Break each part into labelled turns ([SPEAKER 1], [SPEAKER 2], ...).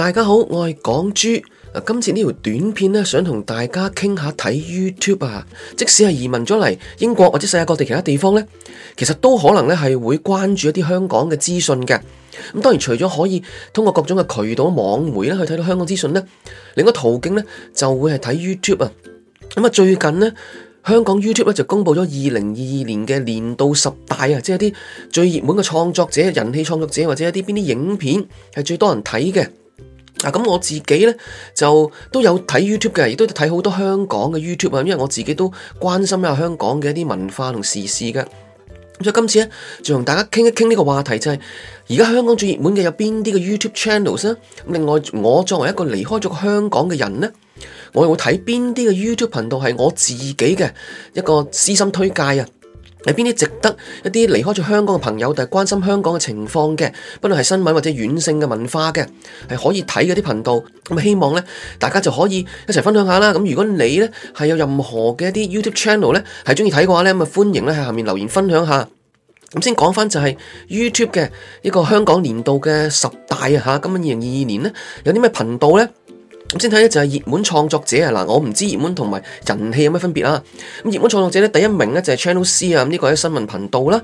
[SPEAKER 1] 大家好，我係港珠。今次呢條短片呢，想同大家傾下睇 YouTube 啊。即使係移民咗嚟英國或者世界各地其他地方呢，其實都可能咧係會關注一啲香港嘅資訊嘅。咁當然，除咗可以通過各種嘅渠道網媒呢去睇到香港資訊呢，另一個途徑呢就會係睇 YouTube 啊。咁啊，最近呢，香港 YouTube 咧就公布咗二零二二年嘅年度十大啊，即係啲最熱門嘅創作者、人氣創作者或者一啲邊啲影片係最多人睇嘅。咁、啊、我自己呢，就都有睇 YouTube 嘅，亦都睇好多香港嘅 YouTube 啊，因為我自己都關心下香港嘅一啲文化同時事嘅。咁所以今次呢，就同大家傾一傾呢個話題，就係，就係而家香港最熱門嘅有邊啲嘅 YouTube channels 呢。另外，我作為一個離開咗香港嘅人呢，我又會睇邊啲嘅 YouTube 頻道係我自己嘅一個私心推介啊。有邊啲值得一啲離開咗香港嘅朋友，就係關心香港嘅情況嘅，不論係新聞或者軟性嘅文化嘅，係可以睇嗰啲頻道。咁希望咧大家就可以一齊分享下啦。咁如果你咧係有任何嘅一啲 YouTube Channel 咧係中意睇嘅話咧，咁啊歡迎咧喺下面留言分享下。咁先講翻就係 YouTube 嘅一個香港年度嘅十大啊吓，咁二零二二年咧有啲咩頻道咧？咁先睇咧就係熱門創作者啊嗱，我唔知熱門同埋人氣有咩分別啦。咁熱門創作者咧第一名咧就係 Channel C 啊，呢個係新聞頻道啦。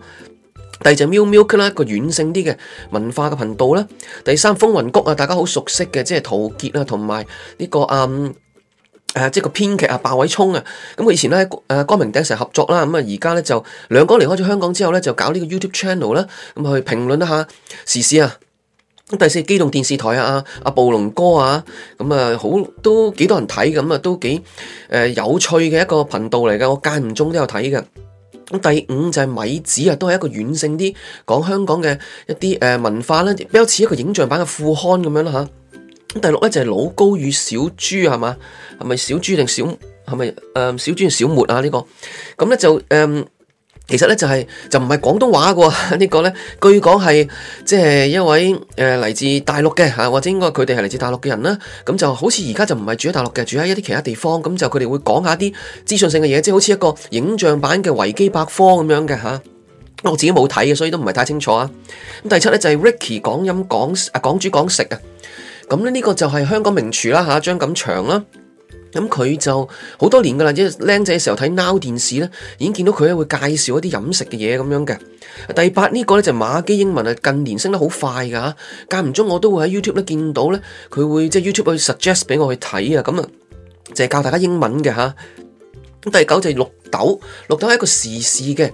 [SPEAKER 1] 第二就係 Mill MILK 啦，一個軟性啲嘅文化嘅頻道啦。第三風雲谷啊，大家好熟悉嘅，即係陶傑，這個、嗯、啊，同埋呢個啊誒，即係個編劇啊，鮑偉聰啊。咁佢以前咧、誒光明頂成日合作啦。咁啊而家咧就兩個離開咗香港之後咧就搞呢個 YouTube Channel 啦，啊。咁去評論一下時事啊。第四機動電視台啊，阿暴龍哥啊，咁、嗯、啊好都幾多人睇，咁啊都幾誒、呃、有趣嘅一個頻道嚟噶，我間唔中都有睇嘅。咁第五就係米子啊，都係一個軟性啲講香港嘅一啲誒、呃、文化咧，比較似一個影像版嘅副刊咁樣啦吓。咁、啊、第六咧就係老高與小豬係嘛，係咪小豬定小係咪誒小豬定小茉啊呢、這個，咁咧就誒。呃其實咧就係、是、就唔係廣東話、這個呢個咧，據講係即係一位誒嚟、呃、自大陸嘅吓，或者應該佢哋係嚟自大陸嘅人啦。咁就好似而家就唔係住喺大陸嘅，住喺一啲其他地方。咁就佢哋會講下啲資訊性嘅嘢，即係好似一個影像版嘅維基百科咁樣嘅吓、啊。我自己冇睇嘅，所以都唔係太清楚啊。咁第七咧就係、是、Ricky 講飲講啊講煮講食啊。咁咧呢個就係香港名廚啦吓，張錦祥啦。張錦祥啊咁佢、嗯、就好多年噶啦，即係僆仔嘅時候睇 Now 電視咧，已經見到佢咧會介紹一啲飲食嘅嘢咁樣嘅。第八呢、這個咧就馬基英文啊，近年升得好快噶吓，間唔中我都會喺 YouTube 咧見到咧，佢會即係、就是、YouTube 去 suggest 俾我去睇啊，咁啊，就是、教大家英文嘅吓、啊。第九就係綠豆，綠豆係一個時事嘅，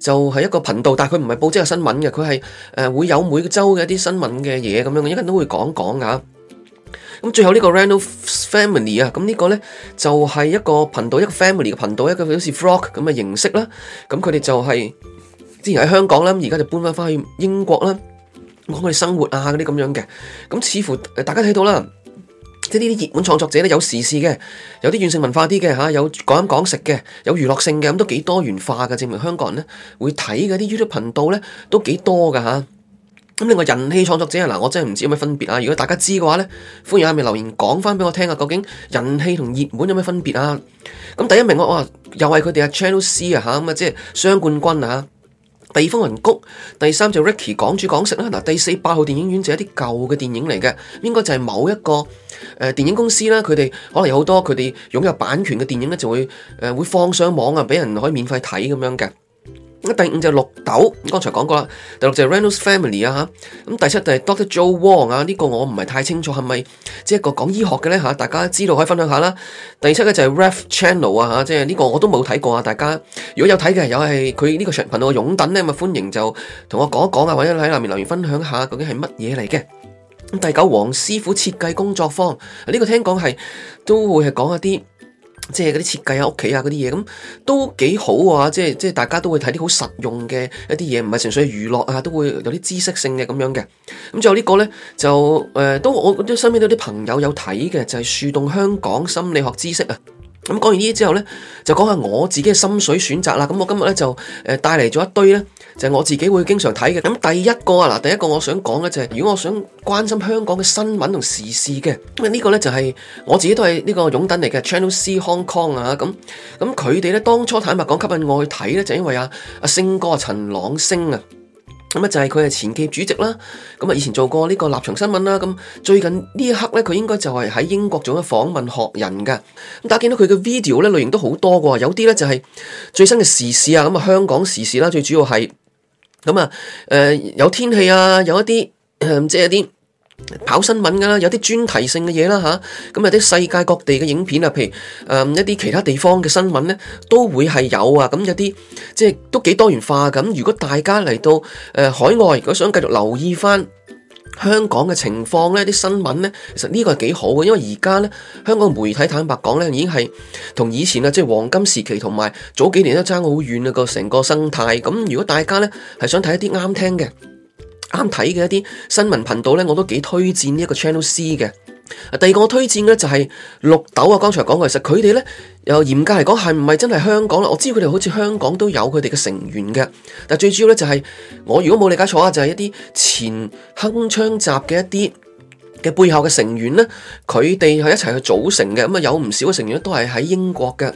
[SPEAKER 1] 就係、是、一個頻道，但係佢唔係報紙即係新聞嘅，佢係誒會有每個周嘅一啲新聞嘅嘢咁樣，一陣都會講講噶。啊咁最後呢個 Randall Family 啊，咁呢個呢，就係、是、一個頻道，一個 Family 嘅頻道，一個好似 Vlog 咁嘅形式啦。咁佢哋就係之前喺香港啦，而家就搬翻翻去英國啦。講佢哋生活啊，嗰啲咁樣嘅。咁似乎大家睇到啦，即係呢啲熱門創作者呢，有時事嘅，有啲軟性文化啲嘅吓，有講飲講食嘅，有娛樂性嘅，咁都幾多元化嘅，證明香港人呢，會睇嘅啲 YouTube 頻道呢，都幾多噶吓。咁另外人氣創作者啊，嗱，我真係唔知有咩分別啊！如果大家知嘅話呢，歡迎下面留言講翻俾我聽啊！究竟人氣同熱門有咩分別啊？咁第一名我啊，又係佢哋阿 Channel C 啊嚇，咁啊即係雙冠軍啊！地方雲谷，第三就 Ricky 講煮講食啦。嗱、啊，第四八號電影院就一啲舊嘅電影嚟嘅，應該就係某一個誒、呃、電影公司啦，佢哋可能有好多佢哋擁有版權嘅電影呢，就會誒、呃、會放上網啊，俾人可以免費睇咁樣嘅。第五隻綠豆，剛才講過啦。第六隻 Reno's Family 啊，咁第七就係 Doctor Joe Wong 啊，呢、這個我唔係太清楚係咪即係一個講醫學嘅呢？吓、啊，大家知道可以分享下啦。第七咧就係 Ref Channel 啊，吓、啊，即係呢個我都冇睇過啊，大家如果有睇嘅有係佢呢個頻道嘅擁躉呢，咁啊歡迎就同我講一講啊，或者喺下面留言分享下究竟係乜嘢嚟嘅。咁第九黃師傅設計工作坊，呢、啊這個聽講係都會係講一啲。即係嗰啲設計啊、屋企啊嗰啲嘢，咁都幾好啊！即係即係大家都會睇啲好實用嘅一啲嘢，唔係純粹娛樂啊，都會有啲知識性嘅咁樣嘅。咁最後呢個呢，就誒、呃，都我啲身邊都有啲朋友有睇嘅，就係、是、樹洞香港心理學知識啊。咁講完呢啲之後呢，就講下我自己嘅心水選擇啦。咁我今日呢，就誒帶嚟咗一堆呢，就係、是、我自己會經常睇嘅。咁第一個啊，第一個我想講呢就係、是，如果我想關心香港嘅新聞同時事嘅，咁、這、呢個呢、就是，就係我自己都係呢個擁躉嚟嘅 Channel C Hong Kong 啊。咁咁佢哋呢，當初坦白講吸引我去睇呢，就是、因為啊，啊星哥陳朗星啊。咁啊、嗯，就係佢啊，前企業主席啦，咁、嗯、啊，以前做過呢個立場新聞啦，咁、嗯、最近呢一刻咧，佢應該就係喺英國做咗訪問學人噶，咁、嗯、但係見到佢嘅 video 咧，類型都好多喎，有啲咧就係、是、最新嘅時事啊，咁、嗯、啊香港時事啦，最主要係咁啊，誒、嗯呃、有天氣啊，有一啲即係一啲。嗯跑新聞㗎啦，有啲專題性嘅嘢啦吓，咁、啊、有啲世界各地嘅影片啊，譬如誒、呃、一啲其他地方嘅新聞呢，都會係有啊，咁有啲即係都幾多元化咁。如果大家嚟到誒、呃、海外，如果想繼續留意返香港嘅情況呢啲新聞呢，其實呢個係幾好嘅，因為而家呢，香港媒體坦白講呢，已經係同以前啊，即係黃金時期同埋早幾年都爭好遠啊，個成個生態。咁如果大家呢，係想睇一啲啱聽嘅。啱睇嘅一啲新聞頻道呢，我都幾推薦呢一個 Channel C 嘅。第二個我推薦呢，就係綠豆啊。剛才講過，其實佢哋呢，又嚴格嚟講係唔係真係香港啦？我知佢哋好似香港都有佢哋嘅成員嘅，但最主要呢、就係，就係我如果冇理解錯啊，就係、是、一啲前鏗鏘集嘅一啲嘅背後嘅成員呢，佢哋係一齊去組成嘅。咁啊，有唔少嘅成員都係喺英國嘅。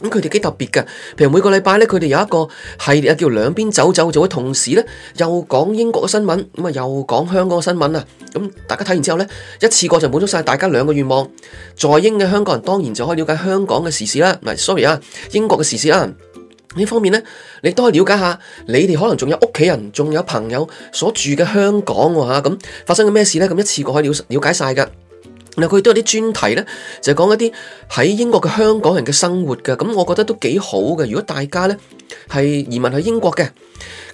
[SPEAKER 1] 咁佢哋幾特別嘅，譬如每個禮拜咧，佢哋有一個系列啊，叫兩邊走走，就會同時咧，又講英國嘅新聞，咁啊，又講香港嘅新聞啊。咁大家睇完之後咧，一次過就滿足晒大家兩個願望。在英嘅香港人當然就可以了解香港嘅時事啦。唔係，sorry 啊，英國嘅時事啊。呢方面咧，你都可以了解下。你哋可能仲有屋企人，仲有朋友所住嘅香港喎嚇，咁、啊啊啊、發生嘅咩事咧？咁、啊、一次過可以了了解晒噶。佢都有啲專題呢就係講一啲喺英國嘅香港人嘅生活嘅，咁我覺得都幾好嘅。如果大家呢係移民去英國嘅，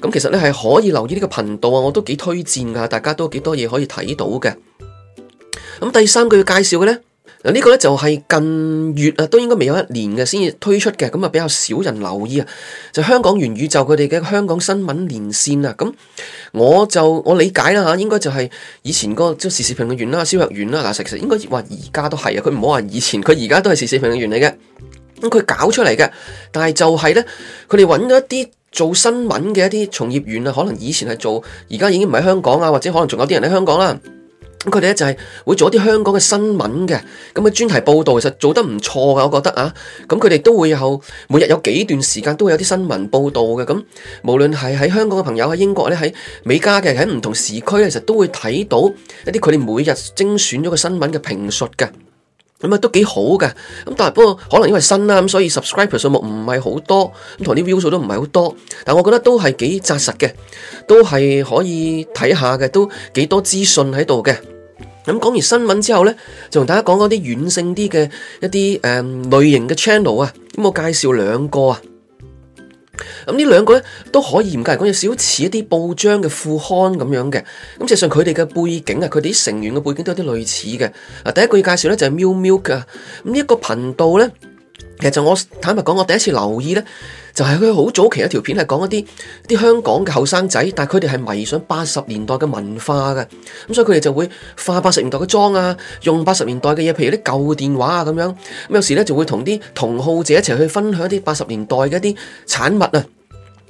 [SPEAKER 1] 咁其實呢係可以留意呢個頻道啊，我都幾推薦噶，大家都幾多嘢可以睇到嘅。咁第三個要介紹嘅呢。嗱，呢個咧，就係近月啊，都應該未有一年嘅先至推出嘅，咁啊比較少人留意啊。就香港元宇宙佢哋嘅香港新聞連線啊，咁我就我理解啦嚇，應該就係以前嗰個即時事評論員啦、蕭若元啦，嗱，其實應該話而家都係啊，佢唔好話以前，佢而家都係時事評論員嚟嘅，咁佢搞出嚟嘅，但係就係咧，佢哋揾咗一啲做新聞嘅一啲從業員啊，可能以前係做，而家已經唔喺香港啊，或者可能仲有啲人喺香港啦。咁佢哋就係、是、會做一啲香港嘅新聞嘅，咁嘅專題報道其實做得唔錯噶，我覺得啊，咁佢哋都會有每日有幾段時間都會有啲新聞報道嘅，咁、嗯、無論係喺香港嘅朋友喺英國咧，喺美加嘅喺唔同時區咧，其實都會睇到一啲佢哋每日精選咗嘅新聞嘅評述嘅，咁、嗯、啊都幾好噶，咁但係不過可能因為新啦，咁所以 subscriber 數目唔係好多，咁同啲 view 數都唔係好多，但我覺得都係幾紮實嘅，都係可以睇下嘅，都幾多資訊喺度嘅。咁講完新聞之後呢，就同大家講講啲軟性啲嘅一啲誒、呃、類型嘅 channel 啊，咁、嗯、我介紹兩個啊。咁、嗯、呢兩個咧都可以唔介意講，有少似一啲報章嘅副刊咁樣嘅。咁、嗯、實際上佢哋嘅背景啊，佢哋啲成員嘅背景都有啲類似嘅。啊，第一個要介紹呢，就係、是、Mill Milk 啊。咁呢一個頻道呢，其實就我坦白講，我第一次留意呢，就係佢好早期一條片係講一啲香港嘅後生仔，但係佢哋係迷上八十年代嘅文化嘅，咁所以佢哋就會化八十年代嘅妝啊，用八十年代嘅嘢，譬如啲舊電話啊咁樣，咁有時呢就會同啲同好者一齊去分享一啲八十年代嘅一啲產物啊。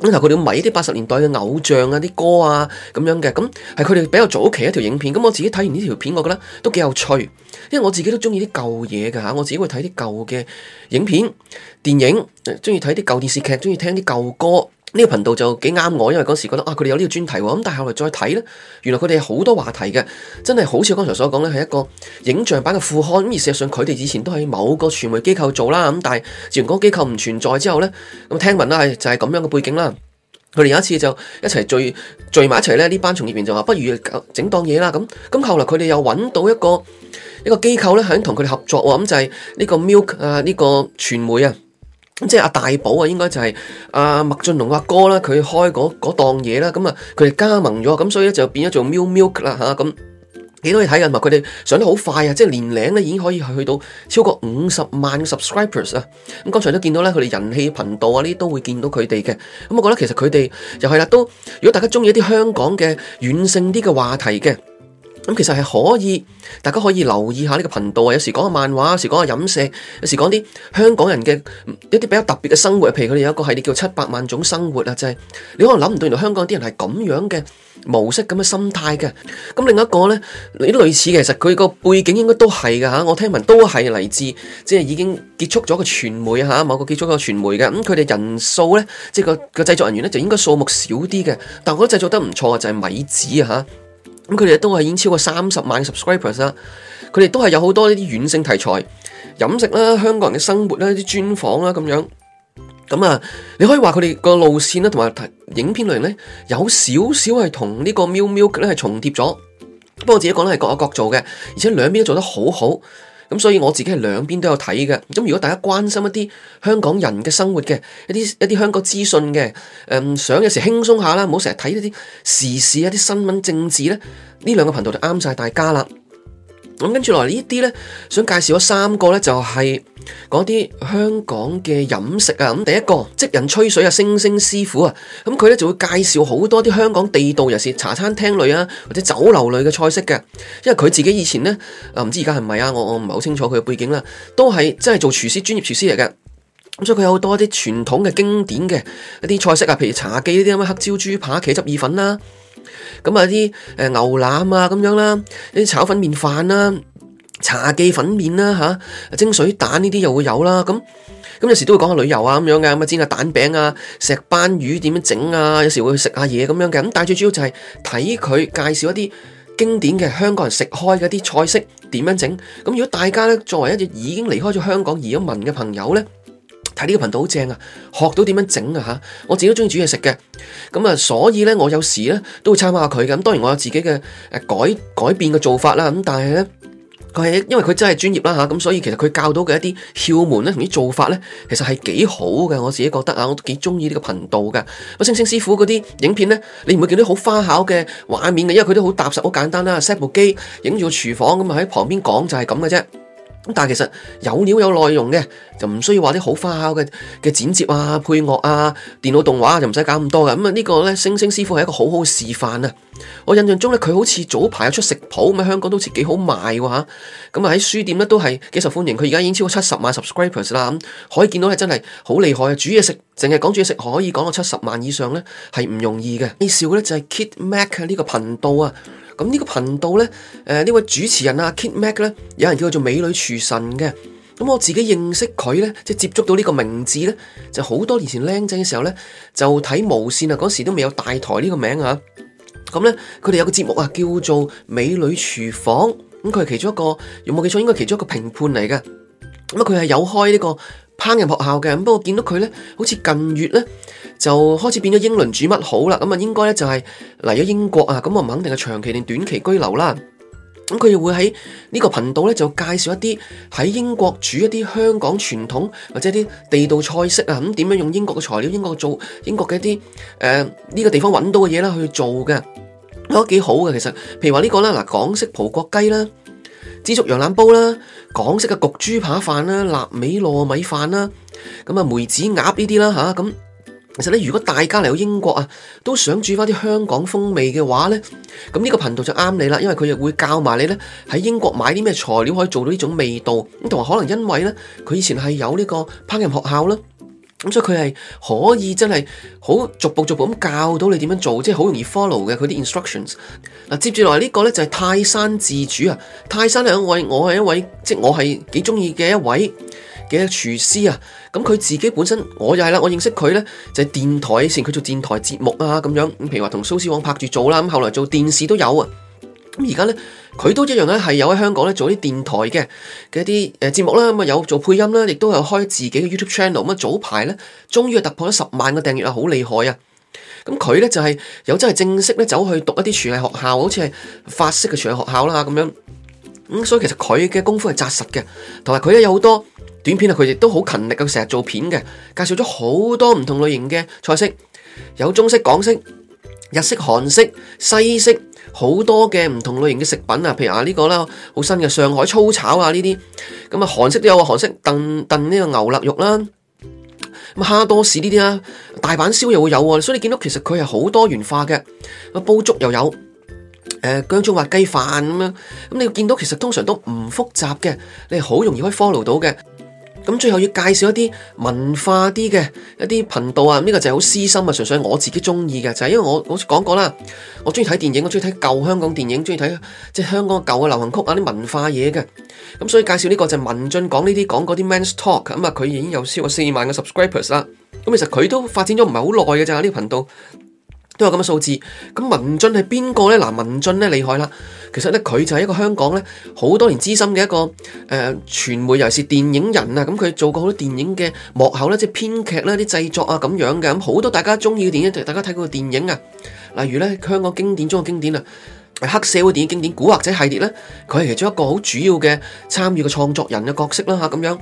[SPEAKER 1] 咁頭佢哋迷啲八十年代嘅偶像啊，啲歌啊咁樣嘅，咁係佢哋比較早期一條影片。咁我自己睇完呢條片，我覺得都幾有趣，因為我自己都鍾意啲舊嘢嘅吓，我自己會睇啲舊嘅影片、電影，鍾意睇啲舊電視劇，鍾意聽啲舊歌。呢個頻道就幾啱我，因為嗰時覺得啊，佢哋有呢個專題喎。咁但係後來再睇呢，原來佢哋好多話題嘅，真係好似剛才所講呢係一個影像版嘅副刊。咁而事實上佢哋以前都喺某個傳媒機構做啦。咁但係自然嗰個機構唔存在之後呢，咁聽聞啦係就係咁樣嘅背景啦。佢哋有一次就一齊聚聚埋一齊呢，呢班從業員就話不如整當嘢整檔嘢啦。咁咁後來佢哋又揾到一個一個機構呢，肯同佢哋合作喎。咁就係呢個 Milk 啊，呢、嗯就是、個傳媒啊。這個即係阿大寶、就是、啊，應該就係阿麥浚龍阿哥啦，佢開嗰嗰檔嘢啦，咁啊佢哋加盟咗，咁所以咧就變咗做 Milk Milk 啦吓咁，幾、啊嗯、多嘢睇㗎，佢哋上得好快啊，即係年齡咧已經可以去到超過五十萬 subscribers 啊，咁剛才都見到咧，佢哋人氣頻道啊呢都會見到佢哋嘅，咁我覺得其實佢哋又係啦，都如果大家中意一啲香港嘅軟性啲嘅話題嘅。咁其實係可以，大家可以留意下呢個頻道啊。有時講下漫畫，有時講下飲食，有時講啲香港人嘅一啲比較特別嘅生活。譬如佢哋有一個系列叫《七百萬種生活》啊，就係、是、你可能諗唔到，原來香港啲人係咁樣嘅模式咁嘅心態嘅。咁另一個呢，你類似其實佢個背景應該都係嘅嚇。我聽聞都係嚟自即係、就是、已經結束咗個傳媒嚇，某個結束個傳媒嘅。咁佢哋人數呢，即係個個製作人員呢，就應該數目少啲嘅。但我覺得製作得唔錯啊，就係、是、米子啊嚇。咁佢哋都係已經超過三十萬 subscribers 啦，佢哋都係有好多呢啲軟性題材、飲食啦、香港人嘅生活啦、啲專訪啦咁樣。咁啊，你可以話佢哋個路線啦，同埋影片類型咧，有少少係同呢個 Mill MILK 咧係重疊咗。不過自己講咧係各有各做嘅，而且兩邊都做得好好。咁所以我自己係兩邊都有睇嘅。咁如果大家關心一啲香港人嘅生活嘅一啲一啲香港資訊嘅，誒、呃，想有時輕鬆一下啦，唔好成日睇呢啲時事，一啲新聞政治呢，呢兩個頻道就啱晒大家啦。咁跟住落嚟呢啲呢，想介紹咗三個呢，就係嗰啲香港嘅飲食啊。咁、嗯、第一個職人吹水啊，星星師傅啊，咁、嗯、佢呢就會介紹好多啲香港地道尤其是茶餐廳類啊，或者酒樓類嘅菜式嘅。因為佢自己以前呢，啊唔知而家係咪啊，我我唔係好清楚佢嘅背景啦，都係真係做廚師，專業廚師嚟嘅。咁、嗯、所以佢有好多啲傳統嘅經典嘅一啲菜式啊，譬如茶記呢啲咁黑椒豬扒茄汁意粉啦。咁啊啲誒牛腩啊咁樣啦，啲炒粉麵飯啦，茶記粉麵啦吓，蒸水蛋呢啲又會有啦、啊。咁咁有時都會講下旅遊啊咁樣嘅咁，啊，煎下蛋餅啊，石斑魚點樣整啊？有時會去食下嘢，咁樣嘅咁，但係最主要就係睇佢介紹一啲經典嘅香港人食開嘅啲菜式點樣整。咁如果大家咧作為一個已經離開咗香港移咗民嘅朋友咧，睇呢個頻道好正啊，學到點樣整啊嚇！我自己都中意煮嘢食嘅，咁啊，所以呢，我有時呢都會參考下佢。咁當然我有自己嘅誒、啊、改改變嘅做法啦。咁、啊、但係呢，佢係因為佢真係專業啦嚇，咁、啊、所以其實佢教到嘅一啲竅門呢同啲做法呢，其實係幾好嘅。我自己覺得啊，我都幾中意呢個頻道嘅。星星師傅嗰啲影片呢，你唔會見到好花巧嘅畫面嘅，因為佢都好踏實好簡單啦。Set 部機影住個廚房咁啊，喺旁邊講就係咁嘅啫。咁但係其實有料有內容嘅就唔需要話啲好花巧嘅嘅剪接啊、配樂啊、電腦動畫、啊、就唔使搞咁多嘅。咁、嗯、啊、這個、呢個咧星星師傅係一個好好示範啊！我印象中咧佢好似早排有出食譜咁喺香港都似幾好賣㗎吓、啊。咁啊喺書店咧都係幾受歡迎。佢而家已經超過七十萬 subscribers 啦，咁、嗯、可以見到咧真係好厲害啊！煮嘢食淨係講煮嘢食可以講到七十萬以上咧係唔容易嘅。你笑咧就係、是、Kit Mac 呢個頻道啊！咁呢個頻道呢，誒、呃、呢位主持人啊，Kit Mac 呢，有人叫佢做美女廚神嘅。咁我自己認識佢呢，即係接觸到呢個名字呢，就好、是、多年前靚仔嘅時候呢，就睇無線啊，嗰時都未有大台呢個名啊。咁、嗯、呢，佢哋有個節目啊，叫做《美女廚房》嗯，咁佢係其中一個，有冇記錯應該係其中一個評判嚟嘅。咁佢係有開呢、這個。烹飪學校嘅，不過見到佢呢，好似近月呢，就開始變咗英倫煮乜好啦，咁啊應該呢，就係嚟咗英國啊，咁啊唔肯定係長期定短期居留啦。咁佢又會喺呢個頻道呢，就介紹一啲喺英國煮一啲香港傳統或者啲地道菜式啊，咁點樣用英國嘅材料，英國做英國嘅一啲誒、呢個地方揾到嘅嘢啦去做嘅，都幾好嘅其實。譬如話呢個啦，嗱，港式葡國雞啦。枝竹羊腩煲啦，港式嘅焗豬扒飯啦，臘味糯米飯啦，咁啊梅子鴨呢啲啦吓，咁、啊、其實咧，如果大家嚟到英國啊，都想煮翻啲香港風味嘅話咧，咁呢個頻道就啱你啦，因為佢又會教埋你咧，喺英國買啲咩材料可以做到呢種味道，咁同埋可能因為咧佢以前係有呢個烹飪學校啦。咁、嗯、所以佢係可以真係好逐步逐步咁教到你點樣做，即係好容易 follow 嘅佢啲 instructions。嗱 inst、啊，接住落嚟呢個咧就係、是、泰山自主啊，泰山兩位，我係一位即係我係幾中意嘅一位嘅廚師啊。咁、啊、佢、嗯、自己本身，我又係啦，我認識佢咧就係、是、電台先，佢做電台節目啊咁樣，譬如話同蘇絲黃拍住做啦，咁後來做電視都有啊。咁而家呢，佢都一樣呢，係有喺香港呢做啲電台嘅嘅一啲誒節目啦，咁啊有做配音啦，亦都有開自己嘅 YouTube channel。咁啊早排呢，終於突破咗十萬個訂閱，啊好厲害啊！咁佢呢，就係、是、有真係正式呢走去讀一啲廚藝學校，好似係法式嘅廚藝學校啦咁樣。咁、嗯、所以其實佢嘅功夫係紮實嘅，同埋佢呢，有好多短片啊，佢亦都好勤力咁成日做片嘅，介紹咗好多唔同類型嘅菜式，有中式、港式、日式、韓式、西式，好多嘅唔同類型嘅食品啊，譬如啊呢個啦，好新嘅上海粗炒啊呢啲，咁啊韓式都有啊，韓式燉燉呢個牛肋肉啦，咁蝦多士呢啲啊，大阪燒又會有啊，所以你見到其實佢係好多元化嘅，煲粥又有，誒薑葱滑雞飯咁樣，咁你見到其實通常都唔複雜嘅，你係好容易可以 follow 到嘅。咁最後要介紹一啲文化啲嘅一啲頻道啊，呢個就係好私心啊，純粹我自己中意嘅，就係因為我好似講過啦，我中意睇電影，我中意睇舊香港電影，中意睇即係香港嘅舊嘅流行曲啊，啲文化嘢嘅。咁所以介紹呢個就係文俊講呢啲講嗰啲 men's talk，咁啊佢已經有超過四萬個 subscribers 啦。咁其實佢都發展咗唔係好耐嘅咋呢個頻道。都有咁嘅數字，咁文俊係邊個呢？嗱，文俊呢，厲害啦，其實呢，佢就係一個香港呢好多年資深嘅一個誒傳、呃、媒，尤其是電影人啊，咁、嗯、佢做過好多電影嘅幕後呢，即係編劇啦、啲製作啊咁樣嘅，咁、嗯、好多大家中意嘅電影，就大家睇過嘅電影啊，例如呢，香港經典中嘅經典啊，黑社會電影經典《古惑仔》系列呢，佢係其中一個好主要嘅參與嘅創作人嘅角色啦吓咁樣。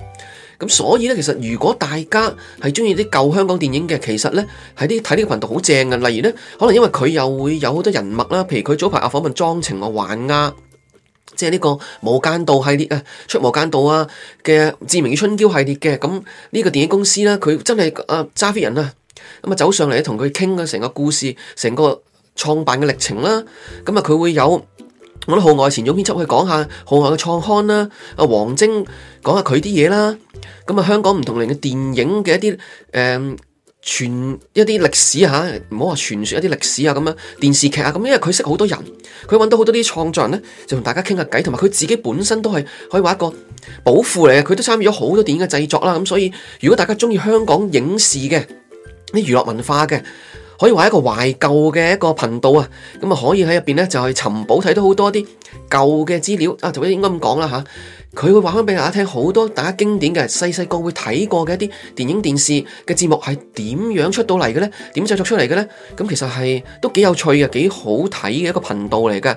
[SPEAKER 1] 咁所以咧，其實如果大家係中意啲舊香港電影嘅，其實咧喺啲睇呢個頻道好正嘅。例如咧，可能因為佢又會有好多人脈啦，譬如佢早排訪問莊澄啊、寰亞，即係呢個《無間道》系列啊，出《出無間道》啊嘅《志明與春嬌》系列嘅咁呢個電影公司啦，佢真係啊揸 fit 人啊，咁啊走上嚟同佢傾嘅成個故事、成個創辦嘅歷程啦。咁啊佢、嗯、會有我啲號外前總編輯去講下號外嘅創刊啦，阿黃晶講下佢啲嘢啦。啊咁、呃、啊，香港唔同類型嘅電影嘅一啲誒傳一啲歷史吓，唔好話傳說一啲歷史啊，咁樣電視劇啊，咁因為佢識好多人，佢揾到好多啲創作人咧，就同大家傾下偈，同埋佢自己本身都係可以話一個寶庫嚟嘅，佢都參與咗好多電影嘅製作啦。咁、啊啊、所以如果大家中意香港影視嘅啲娛樂文化嘅，可以話一個懷舊嘅一個頻道啊，咁啊可以喺入邊咧就係尋寶睇到好多啲舊嘅資料啊，就應該咁講啦吓。啊佢會話翻俾大家聽，好多大家經典嘅細細個會睇過嘅一啲電影電視嘅節目係點樣出到嚟嘅呢？點製作出嚟嘅呢？咁其實係都幾有趣嘅，幾好睇嘅一個頻道嚟嘅。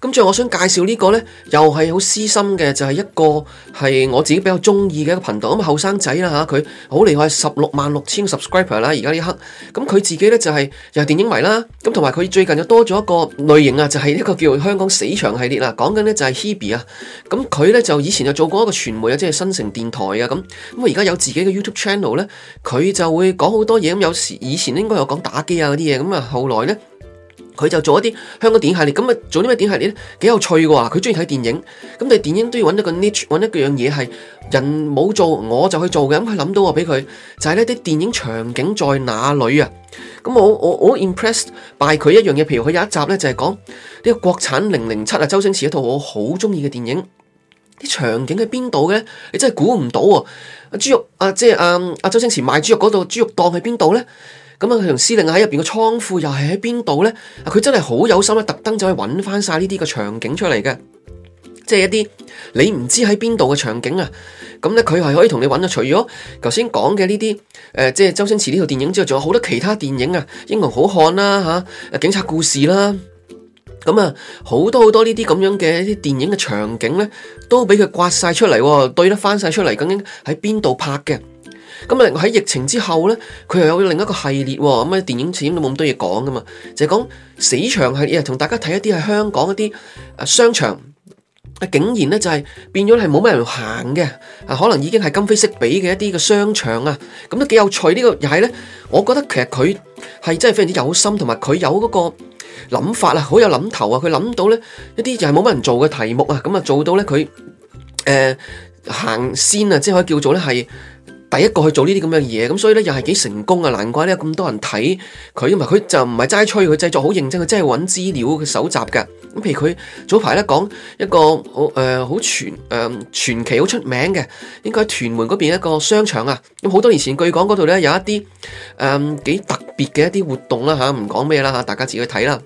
[SPEAKER 1] 咁最後，我想介紹呢個呢，又係好私心嘅，就係一個係我自己比較中意嘅一個頻道。咁後生仔啦嚇，佢好厲害，十六萬六千 subscriber 啦，而家呢刻。咁佢自己呢，就係又係電影迷啦。咁同埋佢最近又多咗一個類型啊，就係一個叫香港死場系列啦。講緊呢，就係 Hebe 啊。咁佢呢，就以前就做過一個傳媒啊，即係新城電台啊咁。咁啊而家有自己嘅 YouTube channel 咧，佢就會講好多嘢。咁有時以前應該有講打機啊嗰啲嘢。咁啊後來呢。佢就做一啲香港電影系列，咁啊做啲咩電影系列咧？幾有趣噶喎！佢中意睇電影，咁你電影都要搵一個 niche，搵一樣嘢係人冇做，我就去做嘅。咁佢諗到我俾佢就係呢啲電影場景在哪裏啊？咁我我我 impressed，拜佢一樣嘢。譬如佢有一集咧就係講呢個國產零零七啊，周星馳一套我好中意嘅電影，啲場景喺邊度嘅咧？你真係估唔到啊！豬肉啊，即係啊啊周星馳賣豬肉嗰度，豬肉檔喺邊度咧？咁啊，佢同司令喺入邊個倉庫又係喺邊度咧？啊，佢真係好有心啊，特登走去搵翻晒呢啲個場景出嚟嘅，即係一啲你唔知喺邊度嘅場景啊。咁咧，佢係可以同你搵到除咗頭先講嘅呢啲，誒、呃，即係周星馳呢套電影之外，仲有好多其他電影啊，英雄好漢啦，吓、啊、警察故事啦，咁啊，好、嗯、多好多呢啲咁樣嘅一啲電影嘅場景咧，都俾佢刮晒出嚟喎，對得翻晒出嚟，究竟喺邊度拍嘅？咁啊喺疫情之後咧，佢又有另一個系列喎、哦。咁、嗯、啊，電影始終都冇咁多嘢講噶嘛，就係、是、講死場係，同大家睇一啲係香港一啲啊商場啊，竟然咧就係、是、變咗係冇咩人行嘅啊，可能已經係今非昔比嘅一啲嘅商場啊，咁都幾有趣呢、呢個又係咧。我覺得其實佢係真係非常之有心，同埋佢有嗰個諗法啊，好有諗頭啊。佢諗到咧一啲就係冇乜人做嘅題目啊，咁、嗯、啊做到咧佢誒行先啊，即係可以叫做咧係。第一個去做呢啲咁樣嘢，咁所以呢又係幾成功啊！難怪呢咁多人睇佢，唔係佢就唔係齋吹，佢製作好認真，佢真係揾資料，佢搜集噶咁譬如佢早排呢講一個好誒好傳誒傳奇好出名嘅，應該喺屯門嗰邊一個商場啊。咁、嗯、好多年前據講嗰度呢有一啲誒、呃、幾特別嘅一啲活動啦吓，唔講咩啦吓，大家自己去睇啦。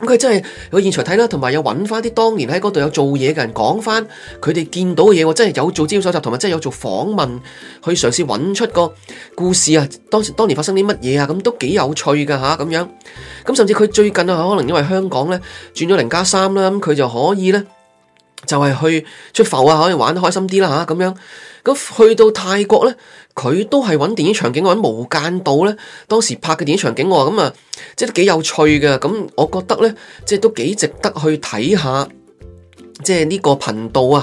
[SPEAKER 1] 咁佢真係去現場睇啦，同埋有揾翻啲當年喺嗰度有做嘢嘅人講翻佢哋見到嘅嘢，真係有做資料蒐集，同埋真係有做訪問，去嘗試揾出個故事啊！當時當年發生啲乜嘢啊？咁都幾有趣噶吓，咁樣。咁甚至佢最近啊，可能因為香港咧轉咗零加三啦，咁佢就可以咧。就係去出埠啊，可以玩得開心啲啦吓，咁樣，咁去到泰國咧，佢都係揾電影場景，揾無間道咧，當時拍嘅電影場景，咁啊，即係都幾有趣嘅，咁我覺得咧，即係都幾值得去睇下。即係呢個頻道啊，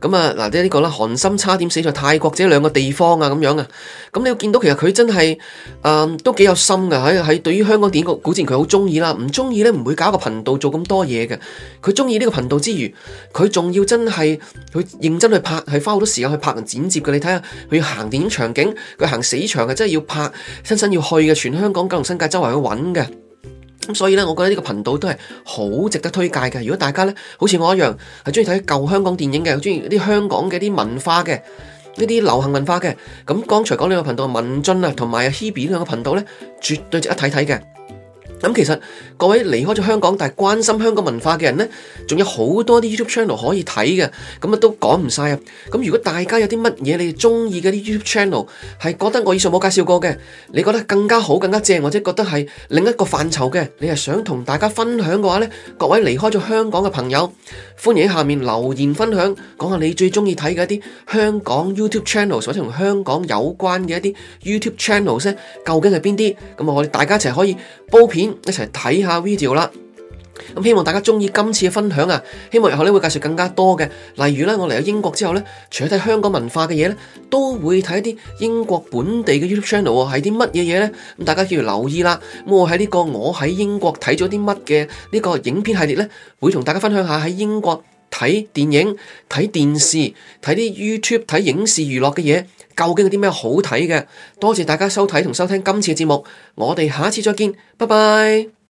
[SPEAKER 1] 吓咁啊，嗱即係呢、這個啦，寒心差點死在泰國，即係兩個地方啊，咁樣啊，咁你要見到其實佢真係誒、呃、都幾有心噶，喺喺對於香港電影局，古戰，佢好中意啦，唔中意咧唔會搞個頻道做咁多嘢嘅，佢中意呢個頻道之餘，佢仲要真係佢認真去拍，係花好多時間去拍同剪接嘅，你睇下佢要行電影場景，佢行死場嘅，真係要拍，親身要去嘅，全香港九龍新界周圍去揾嘅。所以呢，我覺得呢個頻道都係好值得推介嘅。如果大家呢，好似我一樣係鍾意睇舊香港電影嘅，鍾意啲香港嘅啲文化嘅呢啲流行文化嘅，咁剛才講呢個頻道文津啊，同埋 Hebe 呢兩個頻道呢，絕對值得睇睇嘅。咁其實各位離開咗香港，但係關心香港文化嘅人咧，仲有好多啲 YouTube channel 可以睇嘅，咁啊都講唔晒啊！咁如果大家有啲乜嘢你哋中意啲 YouTube channel，係覺得我以上冇介紹過嘅，你覺得更加好、更加正，或者覺得係另一個範疇嘅，你係想同大家分享嘅話咧，各位離開咗香港嘅朋友，歡迎喺下面留言分享，講下你最中意睇嘅一啲香港 YouTube channel 或者同香港有關嘅一啲 YouTube channel 先究竟係邊啲？咁我哋大家一齊可以煲片。一齊睇下 video 啦，咁希望大家中意今次嘅分享啊！希望日後咧，會介紹更加多嘅，例如咧我嚟咗英國之後咧，除咗睇香港文化嘅嘢咧，都會睇一啲英國本地嘅 YouTube channel 啊，係啲乜嘢嘢咧？咁大家記住留意啦！咁我喺呢個我喺英國睇咗啲乜嘅呢個影片系列咧，會同大家分享下喺英國睇電影、睇電視、睇啲 YouTube 睇影視娛樂嘅嘢。究竟有啲咩好睇嘅？多謝大家收睇同收聽今次嘅節目，我哋下次再見，拜拜。